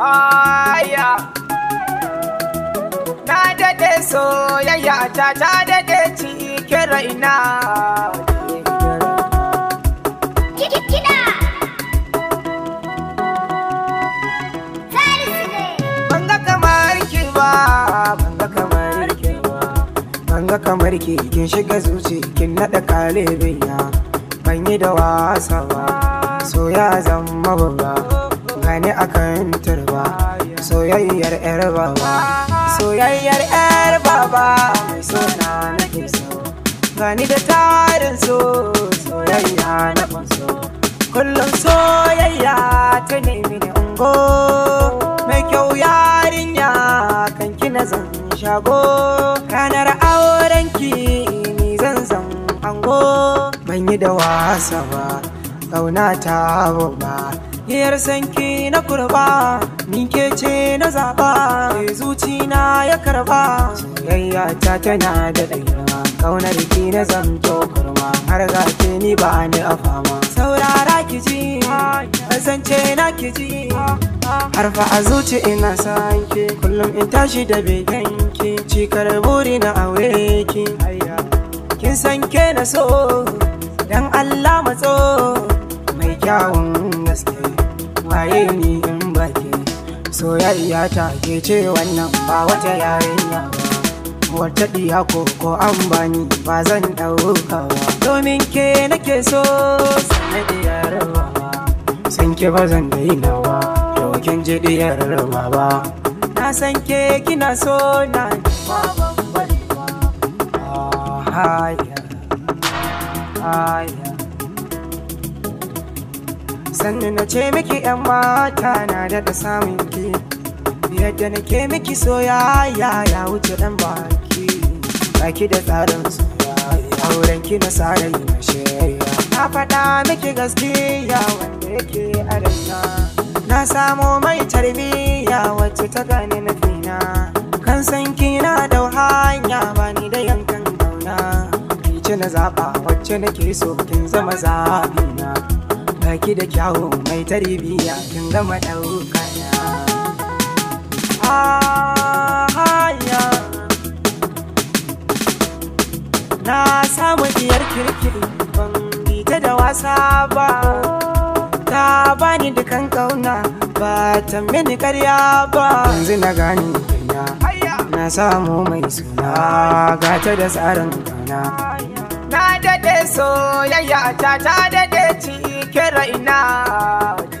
aya na dade soyayya ta ta daɗe cikin raina ga kamar ki kin shiga zuci kin naɗa kare biya ban yi da wasa ba so ya zama babba gane akan soyayyar yar baba soyayyar yar baba mai suna ke so gani da tarin so soyayya na kwanso kullum soyayya ta nemi da ungo mai kyau yarinya kan kina zan shago ranar aurenki ni zan zan ango ban yi da wasa ba ƙauna ta ba yayar sanki na kurba ni ke ce na zaba ke na ya karba soyayya ta tana da ɗairama kaunar ki na zamto kurma har ga ke ni ba ni a fama saurara ki ji kasance na ki ji harfa a zuci ina sanki kullum in tashi da begenki cikar buri na aure ki kin san na so dan Allah matso mai kyawun gaske waye ni in baki soyayya ta ke ce wannan ba wata yarinya ba wata diya ko ko an bani ba zan ɗauka ba domin ke nake so sai diyar rawa san ke ba zan daina ba to kin ji diyar ba na san ke kina so na ba ban bari ba haya Sannu na ce miki yan mata na daɗa samun ki yadda na ke miki soyayya ya wuce dan baki baki da tsarin soyayya auren ki na sarai na shirya na faɗa miki gaskiya wanda yake adana. na samo mai tarbiyya wacce ta gane na fina kan san kina da hanya ba ni da yankan gauna ki na zaɓa wacce nake so kin zama na? Baki da kyawu mai tarbiyya kin gama ɗauka na samu diyar kirkiri ban ta da wasa ba ta bani dukan kauna ba ta mini karya ba yanzu na gani na samu mai suna gata da tsarin kauna na soyayya ta ta daɗe cikin raina